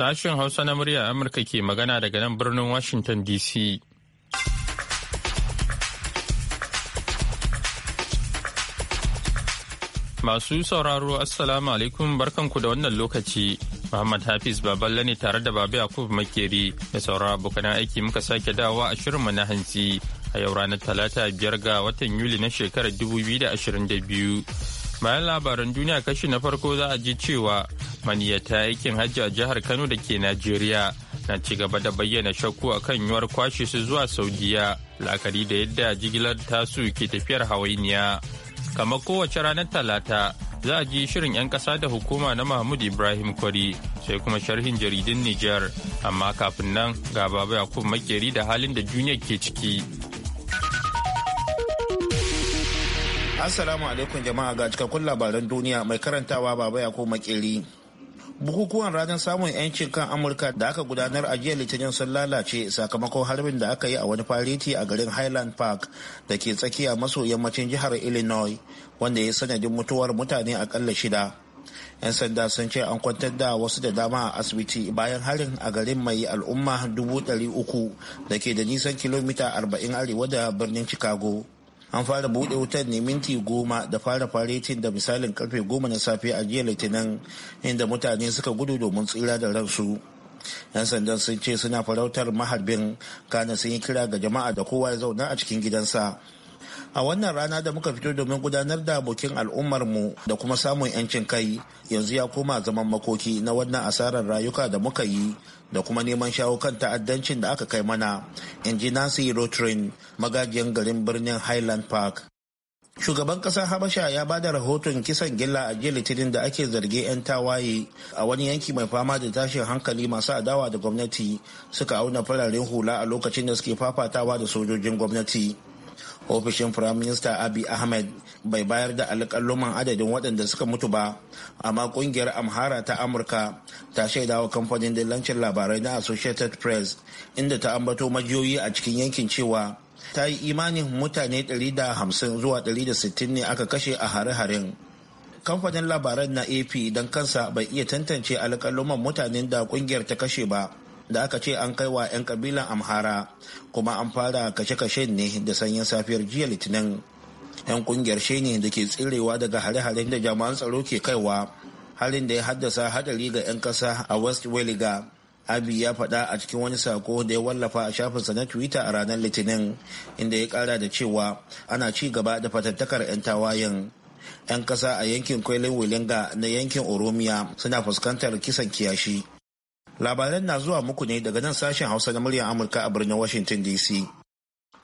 Sashen Hausa na murya Amurka ke magana daga nan birnin Washington DC. Masu sauraro Assalamu alaikum barkanku da wannan lokaci. Muhammad Hafiz Baballe ne tare da Babu Yakub Makeri da sauran abokan aiki muka sake dawowa a shirinmu na hantsi a yau ranar Talata biyar ga watan Yuli na shekarar 2022. Bayan labaran duniya kashi na farko za a ji cewa maniyata aikin hajji a jihar kano da ke najeriya na ci gaba da bayyana shakku a kan yuwar kwashe su zuwa saudiya la'akari da yadda jigilar tasu ke tafiyar hawainiya kama kowace ranar talata za a ji shirin 'yan kasa da hukuma na mahmud ibrahim kwari sai kuma sharhin jaridun nijar amma kafin nan ga baba yakub makeri da halin da duniya ke ciki assalamu alaikum jama'a ga cikakkun labaran duniya mai karantawa baba yakub makeri bukukuwan ranar samun 'yancin kan amurka da aka gudanar a jiya litinin sun lalace sakamakon harbin da aka yi a wani fariti a garin highland park da ke tsakiya maso yammacin jihar illinois wanda ya sanadin mutuwar mutane akalla shida 'yan sanda sun ce an kwantar da wasu da dama a asibiti bayan harin a garin mai al'umma 300 da ke da nisan kilomita 40 arewa da birnin chicago an fara bude wutar ne minti goma da fara faretin da misalin karfe goma na safe a jiya litinin inda mutane suka gudu domin tsira da ransu yan sandan sun ce suna farautar maharbin kana sun yi kira ga jama'a da kowa ya zauna a cikin gidansa a wannan rana da muka fito domin gudanar da al'ummar mu da kuma samun 'yancin kai yanzu ya koma zaman makoki na wannan asarar rayuka da muka yi da kuma neman shawo kan ta'addancin da aka kai mana in ji nancy rotrin magajiyan garin birnin highland park shugaban kasar habasha ya ba da rahoton kisan gilla a jiya litinin da ake zarge 'yan tawaye a wani yanki mai fama da tashin hankali masu adawa da gwamnati suka auna fararen hula a lokacin da suke fafatawa da sojojin gwamnati ofishin firaminista abi ahmed bai bayar da alƙalluman adadin waɗanda suka mutu ba amma ƙungiyar amhara ta amurka ta shaidawa kamfanin dillancin labarai na associated press inda ta ambato majiyoyi a cikin yankin cewa ta yi imanin mutane 150 zuwa 160 ne aka kashe a hare-haren kamfanin labaran na ap don kansa bai iya tantance alƙalluman mutanen da ƙungiyar ta kashe ba da aka ce an kai wa 'yan kabilan amhara kuma an fara kashe-kashe ne da sanyin safiyar jiya litinin 'yan kungiyar ne da ke tsirewa daga hare-haren da jami'an tsaro ke kaiwa halin da ya haddasa hadari ga 'yan kasa a west weliga abi ya faɗa a cikin wani sako da ya wallafa a shafinsa na twitter a ranar litinin inda ya ƙara da cewa ana ci gaba da fatattakar 'yan tawayen 'yan kasa a yankin kwailin wilinga na yankin oromiya suna fuskantar kisan kiyashi labaran na zuwa muku ne daga nan sashen hausa na muryar amurka a birnin washington dc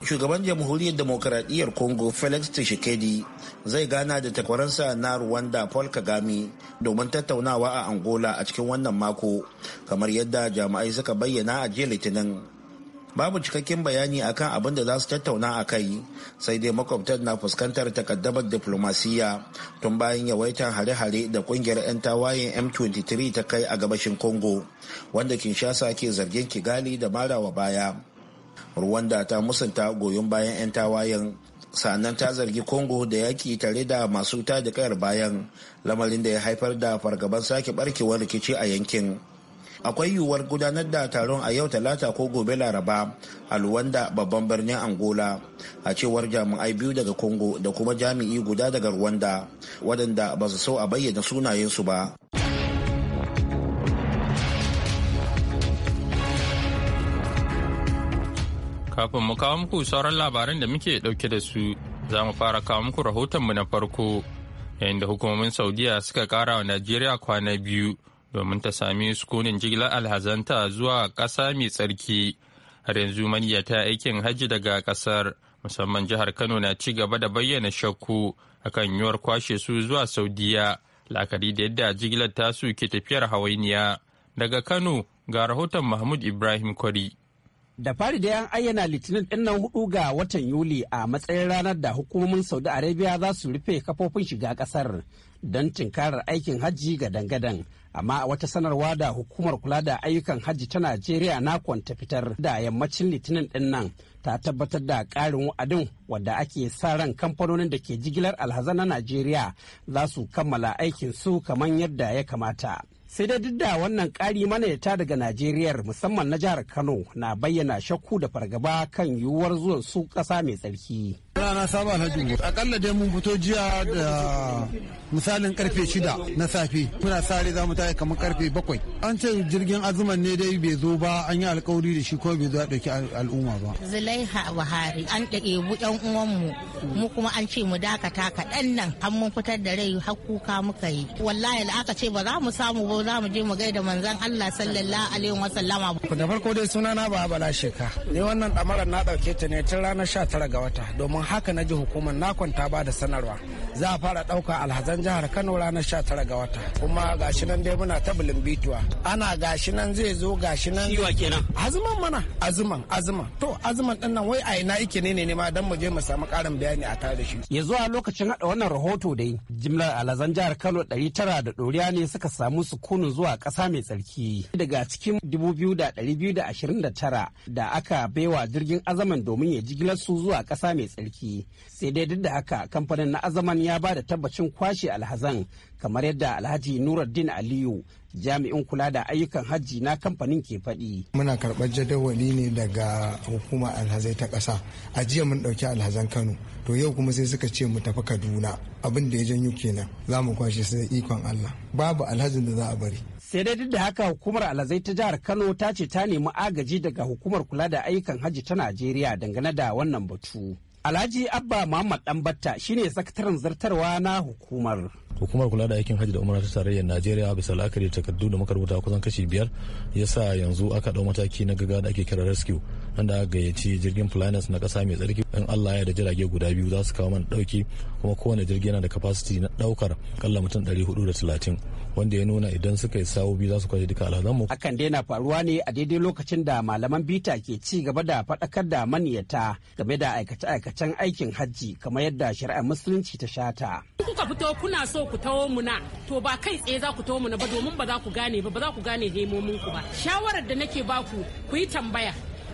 shugaban jamhuriyar demokaradiyyar congo felix tshisekedi zai gana da takwaransa na rwanda paul kagame domin tattaunawa a angola a cikin wannan mako kamar yadda jami'ai suka bayyana a jiya litinin babu cikakken bayani akan abin da za su tattauna a kai sai dai makwabtar na fuskantar takaddamar diplomasiya tun bayan yawaitar hare-hare da kungiyar 'yan tawayen m23 ta kai a gabashin congo wanda kinshasa ke zargin kigali da wa baya rwanda ta musanta goyon bayan 'yan tawayen sannan ta zargi congo da yaki tare da masu ta da kayar bayan lamarin da ya haifar da fargaban sake barkewar rikici a yankin akwai yiwuwar gudanar da taron a yau talata ko gobe laraba a luwanda babban birnin angola a cewar jami'ai biyu daga congo da kuma jami'i guda daga rwanda waɗanda ba su so a bayyana sunayensu ba kafin mu kawo muku sauran labaran da muke dauke da su za mu fara kawo muku rahotonmu na farko yayin da hukumomin saudiya suka kara wa najeriya kwana biyu domin ta sami sukunin jigilar alhazanta zuwa ƙasa mai tsarki har yanzu maniyyata aikin hajji daga ƙasar musamman jihar kano na ci gaba da bayyana shakku akan yiwuwar kwashe su zuwa saudiya la'akari da yadda jigilar tasu ke tafiyar hawainiya daga kano ga rahoton mahmud ibrahim kwari Da fari da yan ayyana litinin dinnan hudu ga watan Yuli a matsayin ranar da hukumomin Saudi Arabia za su rufe kafofin shiga kasar don tinkarar aikin hajji ga dangadan. Amma a wata sanarwa da hukumar kula da ayyukan hajji ta Najeriya na kwanta fitar da yammacin litinin dinnan ta tabbatar da karin wa'adin wadda ake sa ran kamfanonin da ke jigilar alhazan na Najeriya za su kammala aikin su kamar yadda ya kamata. sai dai duk da wannan ƙari manayata daga najeriyar musamman na jihar kano na bayyana shakku da fargaba kan yiwuwar zuwan su ƙasa mai tsarki rana saba alhaji akalla dai mun fito jiya da misalin karfe shida na safe muna sare za mu tafi kamar karfe bakwai an ce jirgin azuman ne dai bai zo ba an yi alkawari da shi ko bai zo a ɗauki al'umma ba zulaiha buhari an bu ɗan uwan mu mu kuma an ce mu dakata kaɗan nan an mun fitar da rai har kuka muka yi wallahi aka ce ba za mu samu ba taho za mu je mu gaida manzan Allah sallallahu alaihi wa sallama. Da farko dai sunana ba bala sheka. Ni wannan damarar na dauke ta ne tun ranar 19 ga wata domin haka na ji hukumar na kwanta ba da sanarwa. Za a fara dauka alhazan jihar Kano ranar 19 ga wata. Kuma gashi nan dai muna ta bituwa. Ana gashi nan zai zo gashi nan. Ciwa kenan. Azuman mana azuman azuman. To azuman din nan wai a ina yake ne ne ma dan mu je mu samu karin bayani a tare da shi. Ya zuwa lokacin hada wannan rahoto dai jimlar alhazan jihar Kano 900 da doriya ne suka samu su kunu zuwa ƙasa mai tsarki daga cikin 2,229 da aka baiwa jirgin azaman domin ya jigilar su zuwa ƙasa mai tsarki sai dai duk da haka kamfanin na azaman ya ba da tabbacin kwashe alhazan kamar yadda alhaji nuruddin aliyu jami'in kula da ayyukan hajji na kamfanin ke faɗi. Muna karɓar jadawali ne daga hukumar alhazai ta ƙasa. A jiya mun ɗauki alhazan Kano, to yau kuma sai suka ce mu tafi Kaduna. Abin da ya janyo kenan, za mu kwashe sai ikon Allah. Babu alhazin da za a bari. sai dai duk da haka hukumar alhazai ta jihar kano ta ce ta nemi agaji daga hukumar kula da ayyukan hajji ta najeriya dangane da wannan batu alhaji abba muhammad danbatta shine sakataren zartarwa na hukumar hukumar kula da aikin hajji da umara ta tarayyar najeriya bisa la'akari takardu da makarbuta kusan kashi biyar ya sa yanzu aka dau mataki na gaga da ake kira rescue wanda aka gayyaci jirgin planes na kasa mai tsarki in allah ya da jirage guda biyu za su kawo mana dauki kuma kowane jirgi yana da capacity na daukar kalla mutum da hudu talatin wanda ya nuna idan suka yi sawo biyu za su kwashe duka alhazanmu. hakan dai na faruwa ne a daidai lokacin da malaman bita ke ci gaba da faɗakar da maniyata game da aikace-aikacen aikin hajji kamar yadda shari'ar musulunci ta shata. kuka fito kuna so ku tawo mu na to ba kai tsaye za ku tawo mu na ba domin ba za ku gane ba ba za ku gane hemomin ku ba shawarar da nake baku ku yi tambaya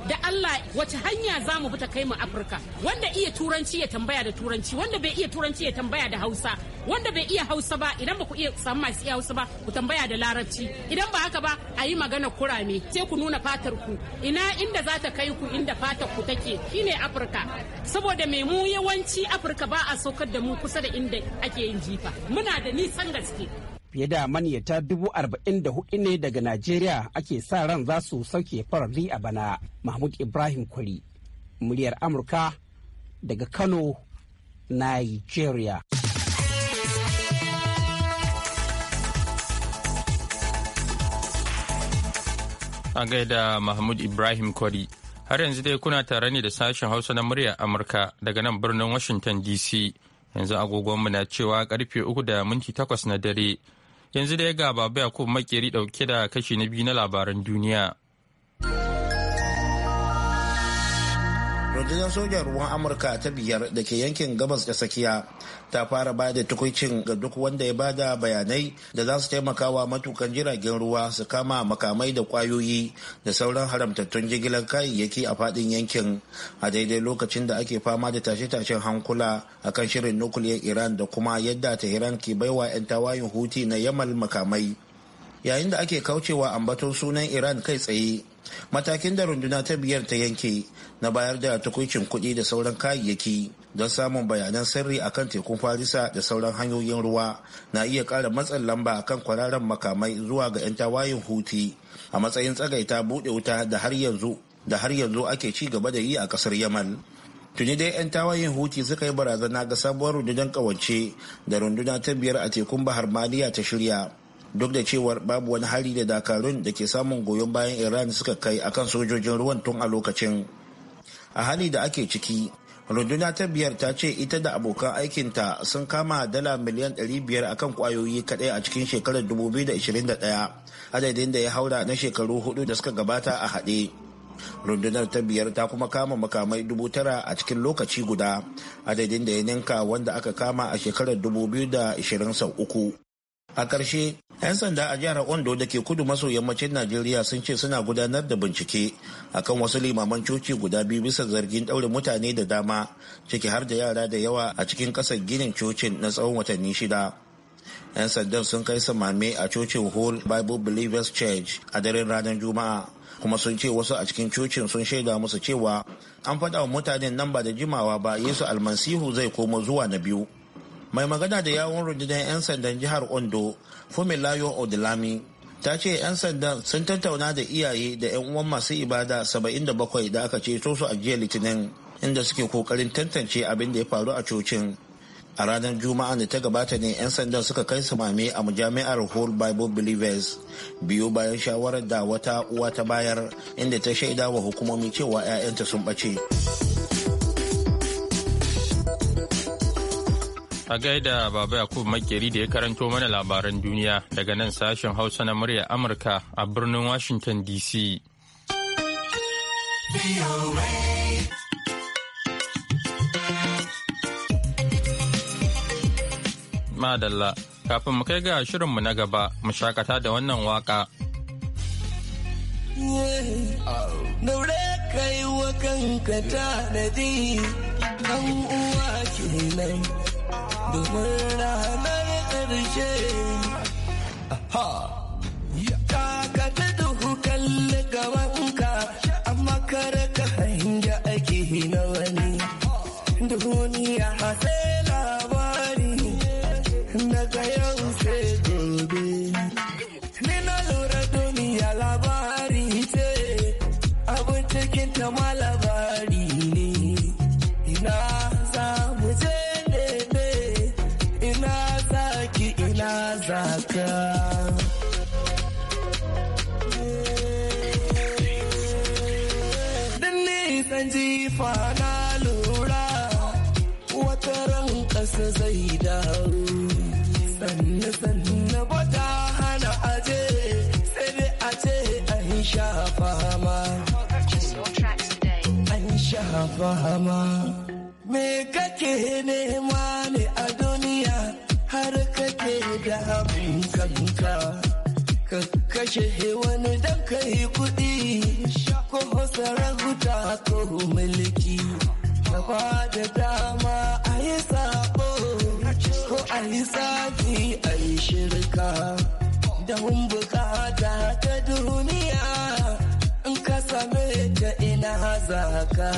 da Allah wace hanya za mu ta kai mu Afirka wanda iya turanci ya tambaya da turanci wanda bai iya turanci ya tambaya da Hausa wanda bai iya Hausa ba idan ba ku iya samu masu iya Hausa ba ku tambaya da Larabci idan ba haka ba a yi magana kurame sai ku nuna fatar ku ina inda za ta kai ku inda fatar ku take shine Afirka saboda mai mu yawanci Afirka ba a saukar da mu kusa da inda ake yin jifa muna da nisan gaske fiye da maniyata dubu arba'in da hudu ne daga najeriya ake sa ran za su sauke farari a bana mahmud ibrahim kwari muryar amurka daga kano nigeria a gaida mahmud ibrahim kwari har yanzu dai kuna tare ne da sashen hausa na muryar amurka daga nan birnin washington dc yanzu agogonmu na cewa karfe uku da minti takwas na dare Yanzu da ya ga babu Yakubu makeri dauke da kashi na biyu na labaran duniya. rundunar sojan ruwan amurka ta biyar da ke yankin gabas da tsakiya ta fara ba da tukuicin ga duk wanda ya bada bayanai da za su taimaka wa matukan jiragen ruwa su kama makamai da kwayoyi da sauran haramtattun jigilar kayayyaki a fadin yankin a daidai lokacin da ake fama da tashe-tashen hankula a kan shirin nukuliyar iran da kuma yadda tehran ke baiwa 'yan tawayin huti na yamal makamai yayin da ake kaucewa ambaton sunan iran kai tsaye matakin da runduna ta biyar ta yanke na bayar da tukuncin kuɗi da sauran kayayyaki don samun bayanan sirri akan tekun farisa da sauran hanyoyin ruwa na iya ƙara matsin lamba akan kwararren makamai zuwa ga 'yan tawayin huti a matsayin tsagaita buɗe wuta da har yanzu da har yanzu ake ci gaba da yi a ƙasar yaman tuni dai 'yan tawayin huti suka yi barazana ga sabuwar rundunar kawance da runduna ta biyar a tekun bahar maliya ta shirya duk da cewar babu wani hari da dakarun da ke samun goyon bayan iran suka kai akan sojojin ruwan tun a lokacin a hali da ake ciki runduna ta biyar ta ce ita da abokan aikinta sun kama dala miliyan 500 akan kwayoyi kadai a cikin shekarar 2021 adadin da ya haura na shekaru hudu da suka gabata a haɗe rundunar ta biyar ta kuma kama makamai dubu tara a cikin lokaci guda adadin da ya ninka wanda aka kama a shekarar ishirin sau uku a ƙarshe 'yan sanda a jihar ondo da ke kudu maso yammacin najeriya sun ce suna gudanar da bincike akan wasu limaman coci guda biyu bisa zargin ɗaure mutane da dama ciki har da yara da yawa a cikin ƙasar ginin cocin na tsawon watanni shida 'yan sandan sun kai samame a cocin hall bible believers church a daren ranar juma'a kuma sun ce wasu a cikin cocin sun shaida musu cewa an faɗa wa mutanen nan ba da jimawa ba yesu almasihu zai komo zuwa na biyu mai magana da yawon rundunar 'yan sandan jihar ondo fumilayo odilami ta ce 'yan sandan sun tattauna da iyaye da 'yan uwan masu ibada 77 da aka ceto su a jiya litinin inda suke kokarin tantance abin da ya faru a cocin a ranar juma'a da ta gabata ne 'yan sandan suka kai su mame a majami'ar whole bible believers biyu bayan shawarar da wata uwa ta bayar inda ta shaida wa hukumomi cewa 'ya'yanta sun ɓace. A gaida Baba Yakubu Makeri da ya karanto mana labaran duniya daga nan sashen Hausa na murya Amurka a birnin Washington DC. Madalla, kafin mu kai ga shirinmu na gaba, mu shakata da wannan waka. Daure kai wa kanka tanadi, uwa kenan. domin ranar ƙarshe. Aha! sha fama an sha fama me kake nema ne a duniya har kake da kanka ka kashe wani dan kai kuɗi ko sarauta ko mulki ka ba da dama a yi sabo ko a yi safi a yi shirka dahun bukata ta duniya in ka same ta ina haza ka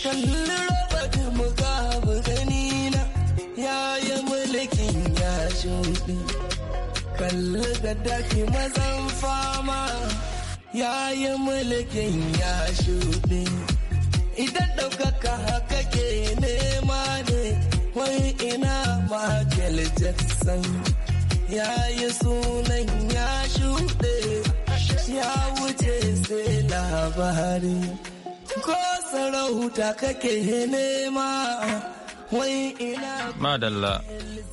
kalli roba da gani na ya yi mulkin ya shuɗi kalli da daki mazan fama ya yi mulkin ya shuɗi idan ɗaukaka haka ke nema ne wai ina Michael Jackson ya sunan ya shuɗe ya wuce sai labari ko sarauta kake nema madalla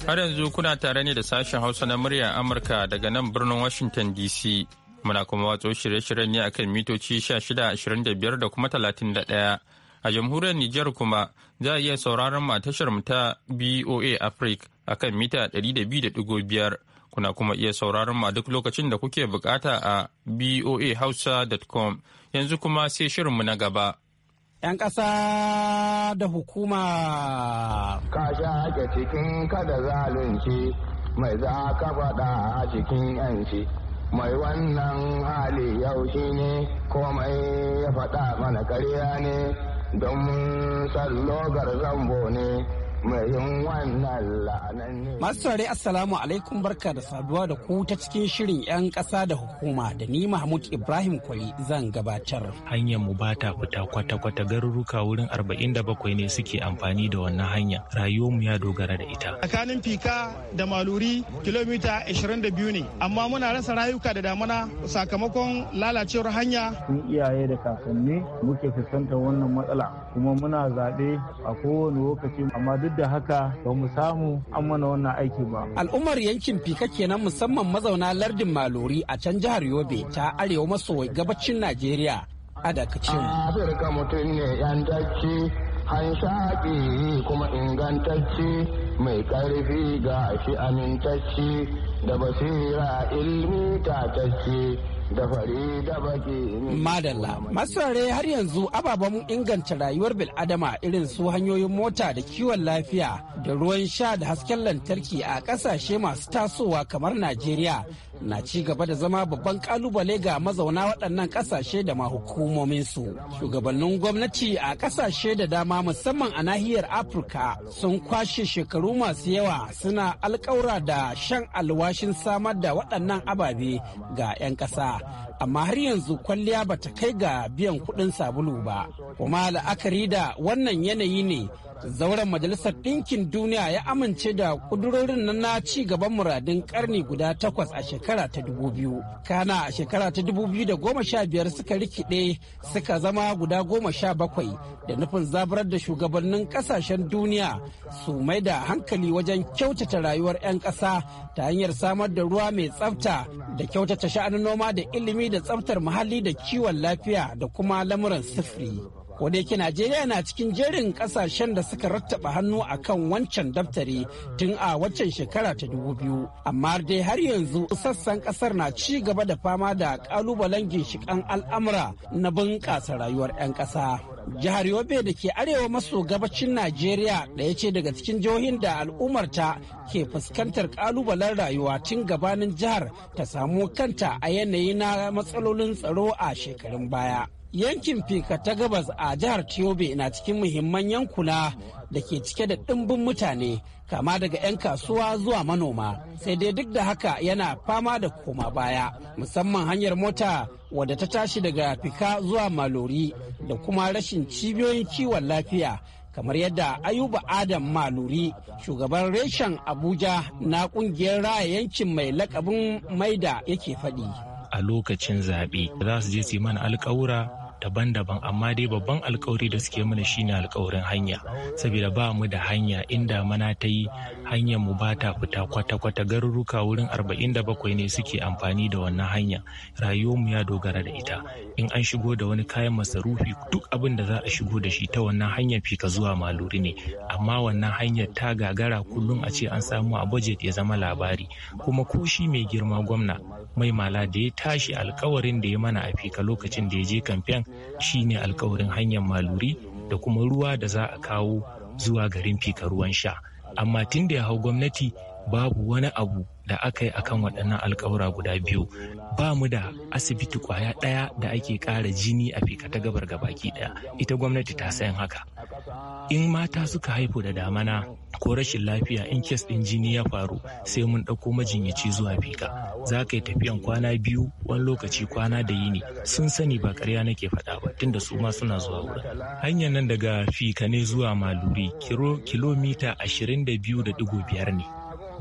har yanzu kuna tare ne da sashen hausa na murya amurka daga nan birnin washington dc muna kuma watso shirye-shiryen ne akan mitoci 25 da kuma 31 A jamhuriyar Nijar kuma za a iya sauraron tashar mu ta BOA Africa a kan mita 200.5 kuna kuma iya sauraron ma duk lokacin da kuke bukata a boahausa.com yanzu kuma sai shirinmu na gaba. 'Yan ƙasa da hukuma. Ka sha ake cikin kada zalunci mai za ka faɗa a cikin 'yanci. Mai wannan hali yau shi ne komai ya faɗa mana karya ne. don mun sallo garzan bone Masu saurari Assalamu alaikum barka da saduwa da ku ta cikin shirin 'yan ƙasa da hukuma da ni Mahmud Ibrahim Kwali zan gabatar. Hanyar mu ba ta fita kwata-kwata garuruka wurin 47 ne suke amfani da wannan hanya. Rayuwar mu ya dogara da ita. Tsakanin Fika da Maluri kilomita 22 ne amma muna rasa rayuka da damana sakamakon lalacewar hanya. Sun iyaye da kakanni muke fuskantar wannan matsala kuma muna zaɓe a kowane lokaci amma duk da haka ba mu samu an mana wannan aiki ba. Al'ummar yankin Fika kenan musamman mazauna lardin Malori a can jihar Yobe ta arewa maso gabacin Najeriya a dakacin. Afirka mutum ne yan dace, kuma ingantacce mai ƙarfi ga shi amintacci da basira ilmi tatacce da fari da baki madalla masarare har yanzu ababen inganta rayuwar bil'adama irin su hanyoyin mota da kiwon lafiya da ruwan sha da hasken lantarki a ƙasashe masu tasowa kamar najeriya na ci gaba da zama babban kalubale ga mazauna waɗannan ƙasashe da ma Shugabannin gwamnati a ƙasashe da dama musamman a nahiyar Afirka sun kwashe shekaru shekaru masu yawa suna alkaura da shan alwashin samar da waɗannan ababe ga 'yan ƙasa amma har yanzu kwalliya ba ta kai ga biyan kuɗin sabulu ba kuma la'akari da wannan yanayi ne zauren majalisar ɗinkin duniya ya amince da ƙudurorin nan na ci gaban muradin ƙarni guda takwas a shekara ta dubu biyu kana a shekara ta dubu biyu da goma sha biyar suka rikide suka zama guda goma sha bakwai da nufin zaburar da shugabannin ƙasashen duniya su mai da hankali wajen kyautata rayuwar 'yan ƙasa ta hanyar samar da ruwa mai tsafta da kyautata sha'anin noma da ilimi da tsaftar muhalli da kiwon lafiya da kuma lamuran sifiri. Wadda yake Najeriya na cikin jerin kasashen da suka rattaba hannu a kan wancan daftari tun a waccan shekara ta dubu biyu. Amma dai har yanzu sassan kasar na ci gaba da fama da kalubalen ginshikan al'amura na bunƙasa rayuwar 'yan ƙasa. Jihar Yobe da ke arewa maso gabacin Najeriya ɗaya ce daga cikin jihohin da al'ummarta ke fuskantar kalubalen rayuwa tun gabanin jihar ta samu kanta a yanayi na matsalolin tsaro a shekarun baya. Yankin Fika ta gabas a jihar Tiobe na cikin muhimman yankuna da ke cike da ɗimbin mutane kama daga 'yan kasuwa zuwa manoma. Sai dai duk da haka yana fama da koma baya musamman hanyar mota wadda ta tashi daga Fika zuwa Malori da kuma rashin cibiyoyin kiwon lafiya kamar yadda ayuba adam maluri shugaban reshen abuja na kungiyar raya yankin mai lakabin maida yake faɗi. a lokacin zaɓe za su je su yi mana alƙawura daban-daban amma dai babban alkawari da suke mana shine alkawarin hanya saboda ba mu da hanya inda mana ta yi hanyar mu ba ta fita kwata-kwata garuruka wurin 47 ne suke amfani da wannan hanya rayuwar mu ya dogara da ita in an shigo da wani kayan masarufi duk abin da za a shigo da shi ta wannan hanyar fika zuwa maluri ne amma wannan hanyar ta gagara kullum a ce an samu a budget ya zama labari kuma ko shi mai girma gwamna mai mala da ya tashi alkawarin da ya mana a fika lokacin da ya je kamfen shine alkawarin hanyar maluri da kuma ruwa da za a kawo zuwa garin fika ruwan sha amma tun da ya hau gwamnati babu wani abu da aka yi akan waɗannan alkawura guda biyu ba mu da asibiti kwaya ɗaya da ake ƙara jini a fika ta gabar gabaki ɗaya ita gwamnati ta sayan haka in mata suka haifu da damana ko rashin lafiya in kes ɗin jini ya faru sai mun ɗauko majinyaci zuwa fika za ka yi tafiyan kwana biyu wani lokaci kwana da yini sun sani ba ƙarya nake faɗa ba tunda su ma suna zuwa wurin hanyar nan daga fika ne zuwa maluri kilomita ashirin da biyu da digo biyar ne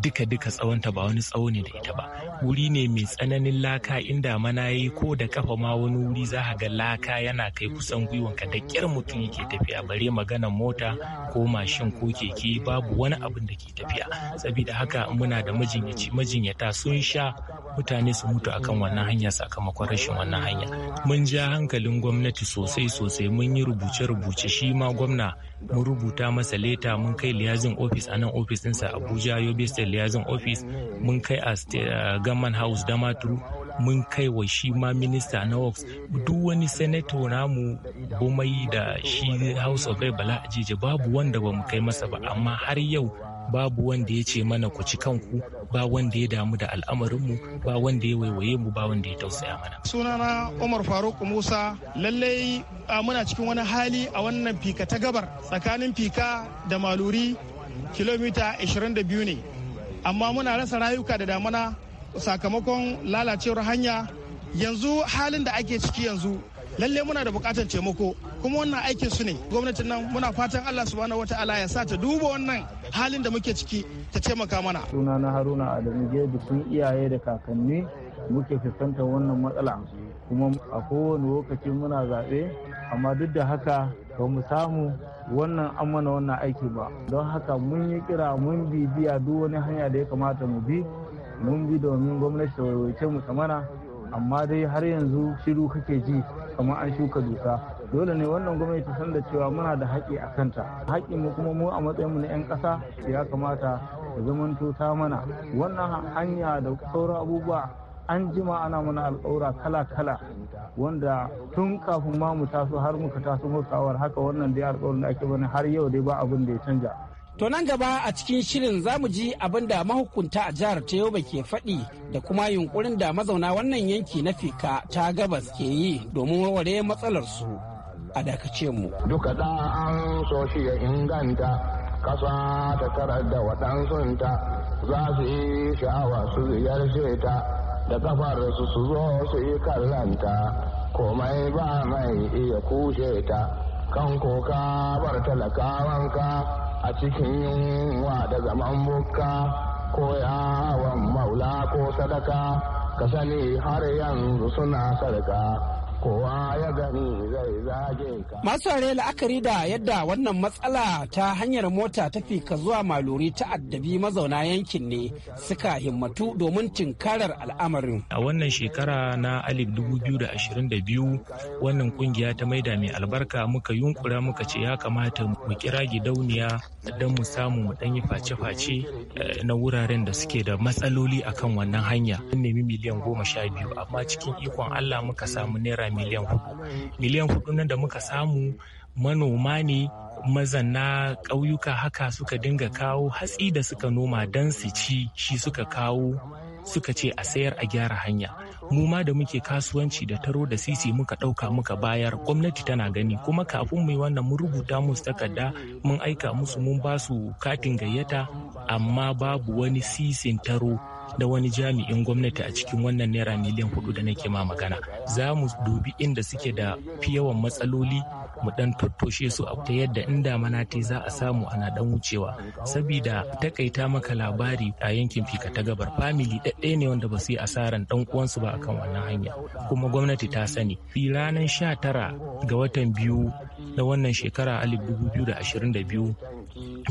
duka-duka tsawonta ba wani tsawo ne da ita ba wuri ne mai tsananin laka inda mana yi ko da kafa ma wani wuri za a ga laka yana kai kusan ka da kyar mutum yake tafiya bare magana mota ko mashin ko keke babu wani abin da ke tafiya saboda haka muna da majinyaci majinyata sun sha mutane su mutu akan wannan hanya sakamakon rashin wannan hanya mun ja hankalin gwamnati sosai sosai mun yi rubuce-rubuce shi ma gwamna mun rubuta masa leta mun kai liyazin office a nan office ɗinsa abuja yobe state liyazin office mun kai a gaman house damaturu mun kai wa shi ma minista na works duk wani senator namu bumai da shi house of bala ajije babu wanda ba mu kai masa ba amma har yau babu wanda ya ce mana ku ci kanku ba wanda ya damu da al'amarinmu ba wanda ya waiwaye mu ba wanda ya tausaya mana sunana umar faruk musa lallai muna cikin wani hali a wannan fika ta gabar tsakanin fika da maluri kilomita 22 ne amma muna rasa rayuka da damana sakamakon lalacewar hanya yanzu halin da ake ciki yanzu lalle muna da bukatar taimako kuma wannan aikin su ne gwamnatin nan muna fatan Allah subhanahu wataala ya sa ta duba wannan halin da muke ciki ta taimaka mana suna na haruna adamu gedi sun iyaye da kakanni muke fuskantar wannan matsala kuma a kowane lokaci muna zaɓe amma duk da haka ba mu samu wannan amana wannan aiki ba don haka mun yi kira mun bibiya duk wani hanya da ya kamata mu bi mun bi domin gwamnati ta waiwaice mu amma dai har yanzu shiru kake ji kamar an shuka dusa dole ne wannan gwamnati san da cewa muna da haƙƙi a kanta haƙi mu kuma mu a matsayin na 'yan ƙasa ya kamata ta zamanto ta mana wannan hanya da sauran abubuwa an jima ana mana alƙawura kala-kala wanda tun kafin ma mu taso har muka taso mukawar haka wannan dai alƙawarin da ake bani har yau dai ba abin da ya canja To nan gaba a cikin shirin za mu ji abin da mahukunta a jihar ta yau ke faɗi da kuma yunkurin da mazauna wannan yanki na fika ta gabas ke yi domin warware matsalarsu. a dakace mu. Duka da an so shi ya inganta kasa ta tarar da waɗansunta za su yi sha'awa su ziyarce ta da kafar su su zo su yi kallanta komai ba mai iya kushe ta kan koka bar talakawanka a cikin yunwa da zaman bukka ko yawon maula ko sadaka ka sani har yanzu suna sarka kowa ya gani zai zage ka. Masu are la'akari da yadda wannan matsala ta hanyar mota ta ka zuwa maluri ta addabi mazauna yankin ne suka himmatu domin tinkarar al'amarin. A wannan shekara na alif biyu wannan kungiya ta maida mai albarka muka yunkura muka ce ya kamata mu kira gidauniya don mu samu mu ɗanyi face-face eh, na wuraren da suke da matsaloli akan wannan hanya. Mun nemi miliyan goma sha biyu amma cikin ikon Allah muka samu naira naira miliyan hudu miliyan hudu nan da muka samu manoma ne mazanna ƙauyuka haka suka dinga kawo hatsi da suka noma don su ci shi suka kawo suka ce a sayar a gyara hanya mu ma da muke kasuwanci da taro da sisi muka ɗauka muka bayar gwamnati tana gani kuma kafin mu wannan mun rubuta musu takarda mun aika musu mun ba su katin gayyata amma babu wani sisin taro da wani jami'in gwamnati a cikin wannan naira miliyan hudu da nake ma magana za mu dubi inda suke da fi yawan matsaloli mu dan tattoshe su ta yadda in damana ta za a samu ana dan wucewa saboda takaita maka labari a yankin fika ta gabar famili ɗaɗɗe ne wanda ba su yi asaran dan uwansu ba akan wannan hanya kuma gwamnati ta sani fi ranar 19 ga watan biyu na wannan shekara 2022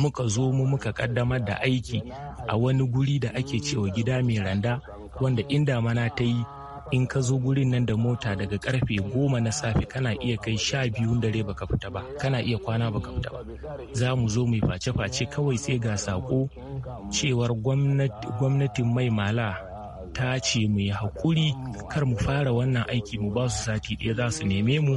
muka zo mu muka kaddamar da aiki a wani guri da ake cewa gida mai randa wanda inda mana ta yi in ka zo gurin nan da mota daga karfe goma na safe kana iya kai sha biyu dare baka fita ba kana iya kwana baka fita ba za mu zo mai face-face kawai sai ga sako cewar gwamnatin mai mala ta ce mu yi hakuri kar mu fara wannan aiki mu ba su sati ɗaya za su neme mu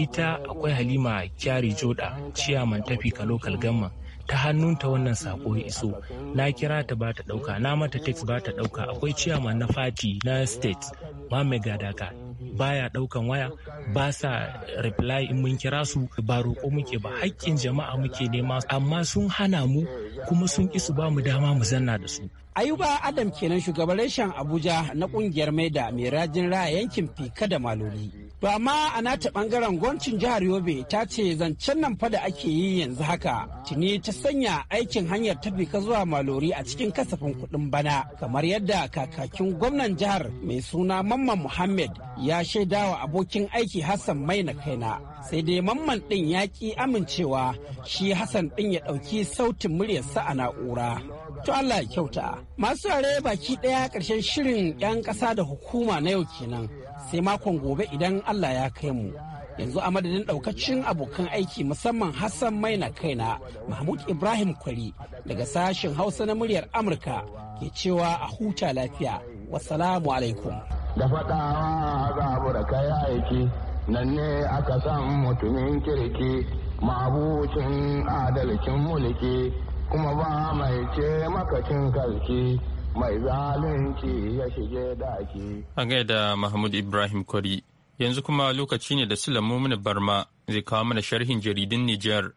ita akwai halima kyari joda ciyaman tafi ka lokal gamma ta hannunta wannan sako ya iso na kira ta ba ta ɗauka na mata text ba ta ɗauka akwai ciyama na fati na state mai gadaka baya ɗaukan waya ba sa reply in mun kira su ba roƙo muke ba haƙƙin jama'a muke nema amma sun hana mu kuma sun ki su ba mu dama mu zanna da su ayuba adam kenan shugaban reshen abuja na ƙungiyar maida mai rajin raya yankin fika da maloli ba ma a nata bangaren gwancin jihar yobe ta ce zancen nan fa da ake yi yanzu haka tuni ta sanya aikin hanyar tafi ka zuwa malori a cikin kasafin kuɗin bana kamar yadda kakakin gwamnan jihar mai suna mamman muhammad ya shaida wa abokin aiki hassan mai na kaina sai dai mamman ɗin ya ki amincewa shi hassan ɗin ya ɗauki sautin muryarsa a na'ura To Allah ya kyauta. Masu rare baki ɗaya ƙarshen shirin 'yan ƙasa da hukuma na yau kenan sai makon gobe idan Allah ya kai mu. Yanzu a madadin ɗaukacin abokan aiki musamman Hassan Maina kaina Mahmud Ibrahim Kwari daga sashen Hausa na muryar Amurka ke cewa a huta lafiya. Wassalamu alaikum. Da faɗawa ga da kai aiki nan ne aka san mutumin kirki mabucin adalcin mulki. kuma ba mai ce makacin kalki mai zalunci ya shige daki. A gaida Mahmud Ibrahim Kwari, yanzu kuma lokaci ne da Sula Barma zai kawo mana sharhin jaridun Nijar.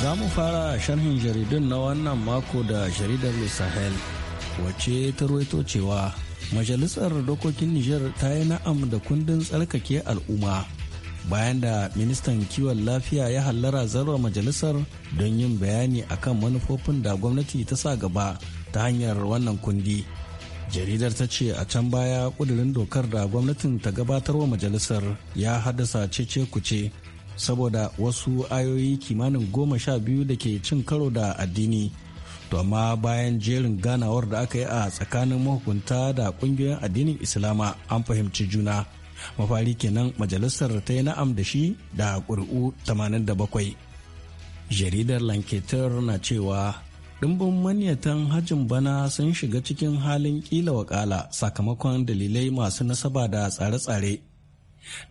Za mu fara sharhin jaridun na wannan mako da jaridar Sahel, wacce ta ruwaito cewa majalisar dokokin niger ta yi na'am da kundin tsarkake al'umma bayan da ministan kiwon lafiya ya hallara zarra majalisar don yin bayani a kan manufofin da gwamnati ta sa gaba ta hanyar wannan kundi jaridar ta ce a can baya kudurin dokar da gwamnatin ta gabatar wa majalisar ya haddasa cece kuce saboda wasu ayoyi kimanin goma sha biyu da ke cin karo da addini to amma bayan jerin ganawar da aka yi a tsakanin mahukunta da kungiyoyin addinin islama an fahimci juna mafari kenan majalisar ta yi na'am da shi da ƙuri'u 87 jaridar lanketer na cewa dimbin manyatan hajjin bana sun shiga cikin halin ƙila wakala sakamakon dalilai masu nasaba da tsare-tsare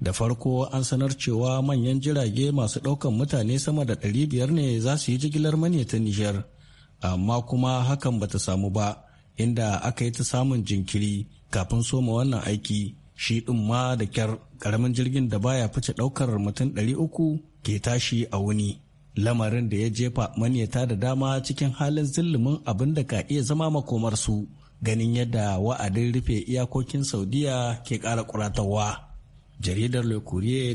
da farko an sanar cewa manyan jirage masu ɗaukan mutane sama da 500 ne za su yi jigilar manyatan nijar amma kuma hakan bata samu ba inda aka yi ta samun jinkiri kafin soma wannan aiki shi ɗin ma da kyar ƙaramin jirgin da baya fice ɗaukar mutum ɗari uku ke tashi a wuni lamarin da ya jefa manyata da dama cikin halin zillumin abin da ka iya zama makomarsu ganin yadda wa'adin rufe iyakokin saudiya ke ƙara ƙuratarwa jaridar le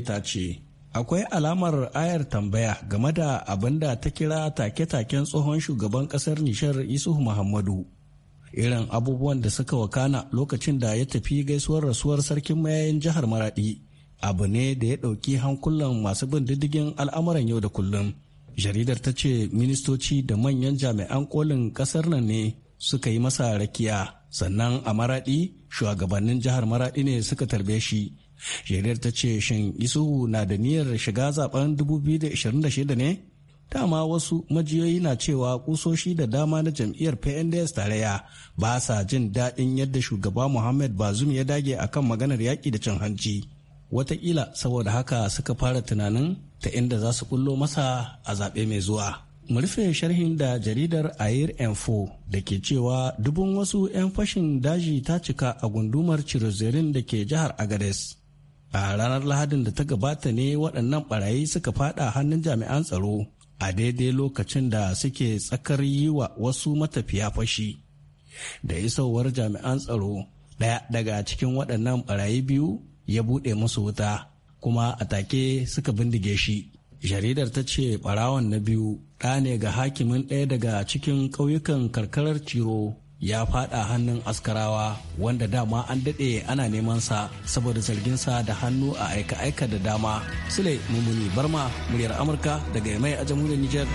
ta ce akwai alamar ayar tambaya game da abin da ta kira take-taken tsohon shugaban kasar nishar isuhu muhammadu irin abubuwan da suka wakana lokacin da ya tafi gaisuwar rasuwar sarkin mayayin jihar maradi abu ne da ya ɗauki hankulan masu bin diddigin al'amuran yau da kullum jaridar ta ce ministoci da manyan jami'an kolin kasar nan ne suka yi masa rakiya sannan a maradi shugabannin jihar maradi ne suka tarbe shi Shedar ta ce shin Isuhu na da niyyar shiga zaben 2026 ne? Dama wasu majiyoyi na cewa kusoshi da dama na jam'iyyar PNDS tarayya ba sa jin daɗin yadda shugaba Muhammad Bazum ya dage a kan maganar yaƙi da cin hanci. Wataƙila saboda haka suka fara tunanin ta inda za su kullo masa a zaɓe mai zuwa. Mu rufe sharhin da jaridar Air Info da ke cewa dubun wasu 'yan fashin daji ta cika a gundumar Cirozerin da ke jihar Agades. a ranar lahadin da ta gabata ne waɗannan barayi suka fada hannun jami'an tsaro a daidai lokacin da suke tsakar yi wa wasu matafiya fashi da isowar jami'an tsaro ɗaya daga cikin waɗannan barayi biyu ya buɗe musu wuta kuma a take suka bindige shi jaridar ta ce ɓarawon na biyu ɗa ne ga hakimin ɗaya daga cikin ƙauyukan karkarar ciro ya fada hannun askarawa wanda dama an daɗe ana neman sa saboda zarginsa da hannu a aika-aika da dama sule mummuni barma muryar amurka daga mai a jamhuriyar niger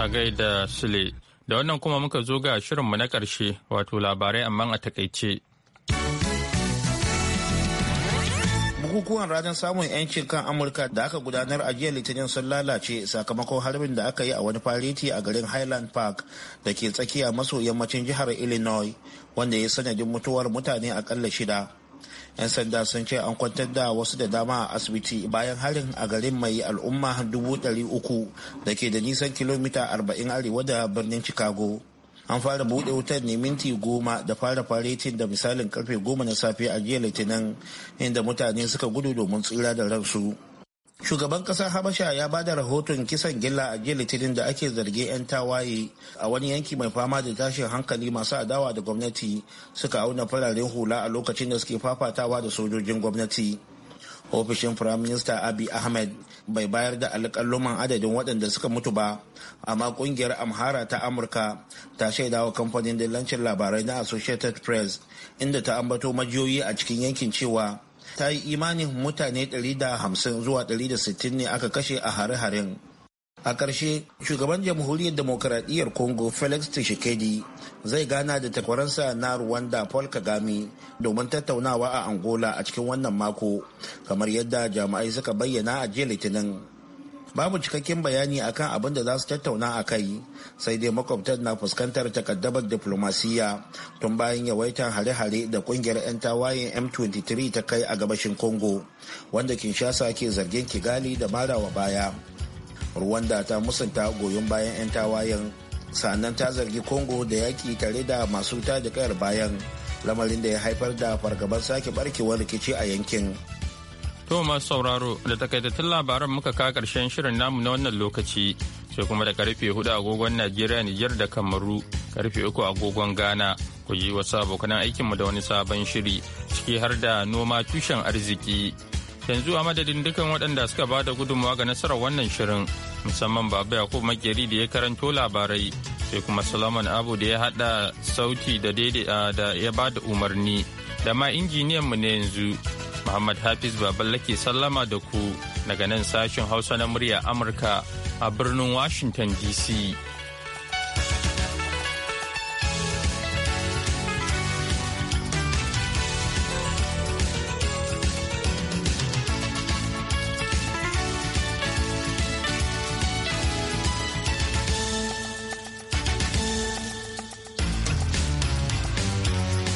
a gaida sule da wannan kuma muka zo ga shirinmu na karshe wato labarai amma a takaice bukukuwan ranar samun 'yancin kan amurka da aka gudanar a jiya litinin sun lalace sakamakon harbin da aka yi a wani fariti a garin highland park da ke tsakiya maso yammacin jihar illinois wanda ya sanadin mutuwar mutane akalla shida 'yan sanda sun ce an kwantar da wasu da dama a asibiti bayan harin a garin mai al'umma dubu da ke da nisan kilomita 40 arewa da birnin chicago an fara bude wutar ne minti goma da fara faretin da misalin karfe goma na safe a jiya litinin inda mutane suka gudu domin tsira da ransu shugaban kasa habasha ya ba da rahoton kisan gilla a jiya litinin da ake zarge 'yan tawaye a wani yanki mai fama da tashin hankali masu adawa da gwamnati suka auna fararen hula a lokacin da suke fafatawa da sojojin gwamnati ofishin firaminista abi ahmed bai bayar da alƙalluman adadin waɗanda suka mutu ba amma ƙungiyar amhara ta amurka ta shaida wa kamfanin dillancin labarai na associated press inda ta ambato majiyoyi a cikin yankin cewa ta yi imanin mutane 150 zuwa 160 ne aka kashe a hare-haren a ƙarshe shugaban jamhuriyar demokuraɗiyyar congo felix tshisekedi zai gana da takwaransa na rwanda paul kagame domin tattaunawa a angola a cikin wannan mako kamar yadda jami'ai suka bayyana a jiya litinin babu cikakken bayani akan abin da za su tattauna a kai sai dai makwabtar na fuskantar takaddamar diplomasiya tun bayan yawaitar hare-hare da kungiyar 'yan tawayen m23 ta kai a gabashin congo wanda kinshasa ke zargin kigali da marawa baya rwanda ta musanta goyon bayan 'yan tawayen sannan ta zargi congo da yaki tare da masu ta da kayar bayan lamarin da ya haifar da fargabar sake barkewar rikici a yankin to masu sauraro da takaitattun labaran muka ka karshen shirin namu na wannan lokaci sai kuma da karfe hudu agogon najeriya nijar da kamaru karfe uku agogon ghana ku yi wasu abokan aikinmu da wani sabon shiri ciki har da noma tushen arziki yanzu a madadin dukkan waɗanda suka ba da gudunmawa ga nasarar wannan shirin musamman baba yakub makeri da ya karanto labarai sai kuma solomon abu da ya haɗa sauti da daidai da ya ba da umarni da ma injiniyan mu na yanzu muhammad hafiz baban ke sallama da ku daga nan sashen hausa na murya amurka a birnin washington dc